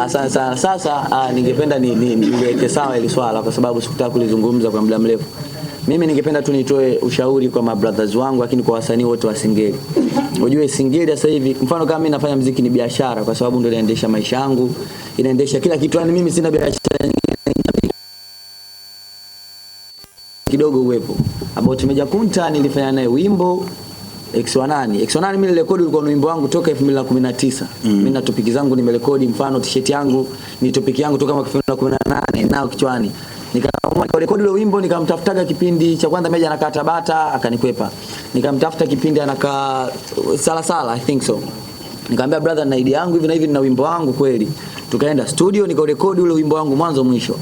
Asante sana. Sasa ah, ningependa niweke sawa ile swala kwa sababu sikutaka kulizungumza kwa muda mrefu. Mimi ningependa tu nitoe ushauri kwa mabrothers wangu, lakini kwa wasanii wote wa Singeli. Unajua Singeli sasa hivi, mfano kama mimi nafanya muziki ni biashara, kwa sababu ndio inaendesha maisha yangu, inaendesha kila kitu. Yani mimi sina biashara nyingine kidogo uwepo. About Meja Kunta nilifanya naye wimbo X wa nani? X wa nani mimi nilirekodi ulikuwa ni wimbo wangu toka 2019. Mm. Mimi na topiki zangu nimerekodi mfano t-shirt yangu ni topiki yangu toka mwaka 2018 nao kichwani. Nikaamua kurekodi ule wimbo nikamtafutaga kipindi cha kwanza Meja anakaa Tabata akanikwepa. Nikamtafuta kipindi anakaa Sala I think so. Nikamwambia brother, na idea yangu hivi na hivi, nina wimbo wangu kweli. Tukaenda studio nikarekodi ule wimbo wangu mwanzo mwisho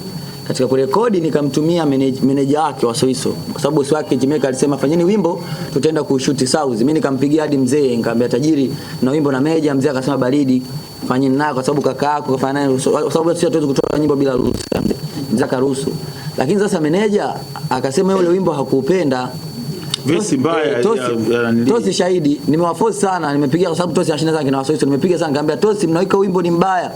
katika kurekodi nikamtumia meneja wake wa Soiso, kwa sababu bosi wake Jimeka alisema fanyeni wimbo tutaenda kushuti South. Mimi nikampigia hadi mzee, nikamwambia tajiri, na wimbo na meja. Mzee akasema baridi, fanyeni nayo, kwa sababu kaka yako kafanya nayo, kwa sababu sisi hatuwezi kutoa nyimbo bila ruhusa. Mzee akaruhusu, lakini sasa meneja akasema yule wimbo hakupenda Vesi mbaya tosi, ya, tosi shahidi nimewafosi sana, nimepiga kwa sababu tosi anashinda sana kina Wasoiso, nimepiga sana nikamwambia tosi, mnaweka wimbo ni mbaya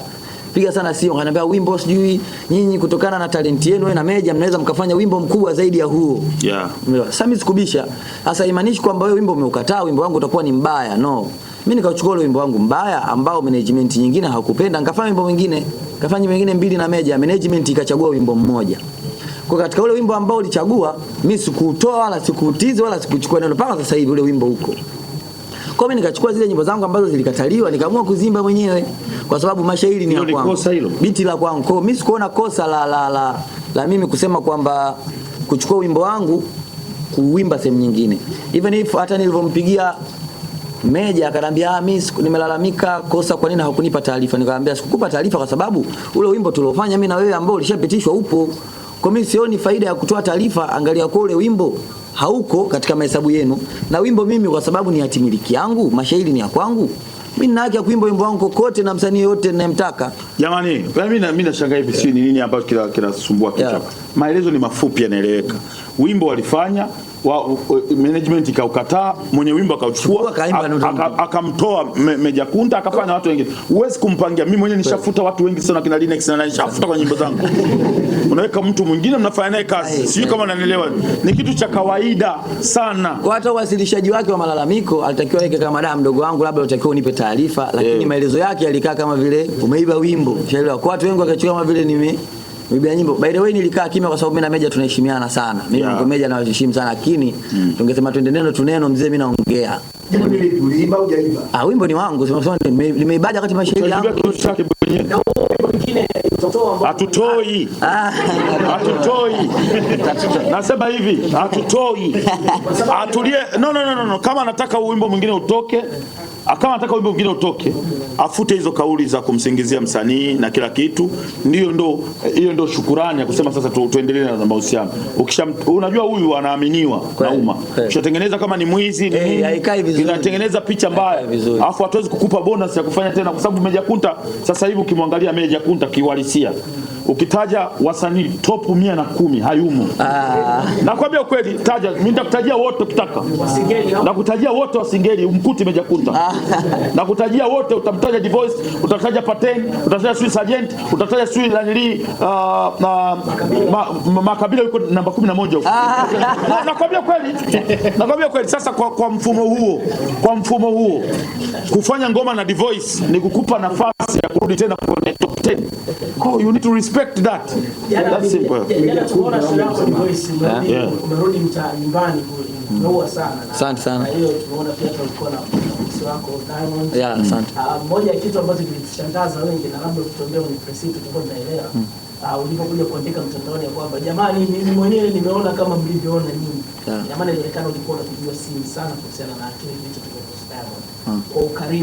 piga sana simu, ananiambia wimbo sijui nyinyi, kutokana na talenti yenu na Meja mnaweza mkafanya wimbo mkubwa zaidi ya huo. Yeah. Sasa mimi sikubisha. Sasa imaanishi kwamba wewe wimbo umeukataa, wimbo wangu utakuwa ni mbaya. No. Mimi nikachukua ule wimbo wangu mbaya ambao management nyingine hakupenda, nikafanya wimbo mwingine. Kafanya wimbo mwingine mbili na Meja, management ikachagua wimbo mmoja. Kwa katika ule wimbo ambao ulichagua, mimi sikutoa wala sikuutiza wala sikuchukua neno mpaka sasa hivi ule wimbo huko. Kwa mimi nikachukua zile nyimbo zangu ambazo zilikataliwa nikaamua kuzimba mwenyewe kwa sababu mashairi ni ya kwangu. Biti la kwangu. Kwa mimi sikuona kosa la la la, la mimi kusema kwamba kuchukua wimbo wangu kuwimba sehemu nyingine. Even if hata nilivyompigia Meja akanambia ah, mimi nimelalamika kosa, kwa nini hakunipa taarifa? Nikamwambia sikukupa taarifa kwa sababu ule wimbo tuliofanya mimi na wewe ambao ulishapitishwa upo. Kwa mimi sioni faida ya kutoa taarifa, angalia kwa ule wimbo hauko katika mahesabu yenu, na wimbo mimi kwa sababu ni hatimiliki yangu, mashairi ni ya kwangu, mimi nina haki ya kuimba wimbo wangu kokote na msanii yote ninayemtaka. Jamani, mimi mimi nashangaa hivi, si ni nini ambacho kinasumbua kichwa? Maelezo ni mafupi, yanaeleweka. Wimbo walifanya wa, management ikaukataa, mwenye wimbo akachukua akamtoa Meja Kunta akafanya watu wengine. Huwezi kumpangia mimi mwenyewe, nishafuta watu wengi sana kina Linux na nishafuta kwa nyimbo zangu unaweka mtu mwingine mnafanya naye kazi, sijui kama unanielewa. Ni kitu cha kawaida sana. Kwa hata uwasilishaji wake wa malalamiko alitakiwa weke kama dada mdogo wangu, labda utakiwa unipe taarifa, lakini yeah. maelezo yake yalikaa kama vile umeiba wimbo, shaelewa. Kwa watu wengi wakachukua kama vile nime Biblia nyimbo. By the way nilikaa kimya kwa sababu mimi na Meja tunaheshimiana sana. Mimi yeah. na Meja waheshimu sana lakini mm. tungesema twende neno tu neno mzee mimi naongea. Ah, wimbo ni wangu sema nimeibaja kati mashairi yangu. Hatutoi. Ah. Hatutoi. Nasema hivi, hatutoi. Atulie. No no no no, kama anataka wimbo mwingine utoke kama nataka wimbo mwingine utoke, afute hizo kauli za kumsingizia msanii na kila kitu. Ndio, ndo hiyo ndo shukurani ya kusema sasa tu, tuendelee na mahusiano. Ukisha unajua huyu anaaminiwa na umma, ushatengeneza kama ni mwizi ni eh, vizuri, inatengeneza picha mbaya, afu hatuwezi kukupa bonus ya kufanya tena, kwa sababu Meja Kunta sasa hivi ukimwangalia Meja Kunta kiuhalisia ukitaja wasanii top mia na kumi hayumo. Ah. Nakwambia ukweli, taja mimi nitakutajia wote ukitaka. Ah. Nakutajia wote wasingeli umkuti meja kunta. Ah. Nakutajia wote utamtaja Divoice, utataja Paten, utataja Swiss Agent, utataja Sui Lanili na uh, uh, ma, makabila yuko namba 11 huko. Ah. Na, nakwambia kweli. Nakwambia kweli sasa kwa, kwa mfumo huo, kwa mfumo huo kufanya ngoma na Divoice ni kukupa nafasi ya kurudi tena kwenye top 10. Oh, you need to respect respect that. That's simple. Eh? Umerudi mtaa nyumbani umeua sana. Asante sana. tumeona pia tulikuwa na msanii Yeah, asante. Ah, moja ya kitu ambacho kilitushangaza wengi na labda ukitembea kwenye press tutakuwa tunaelewa. Uh, ulipokuja kuandika mtandaoni ya kwamba jamani, mimi mwenyewe nimeona kama mlivyoona nyinyi. jamani maana ilionekana ulikuwa unakijua siri sana kuhusiana na kile kilichotokea ah. kwa Diamond. Kwa ukarimu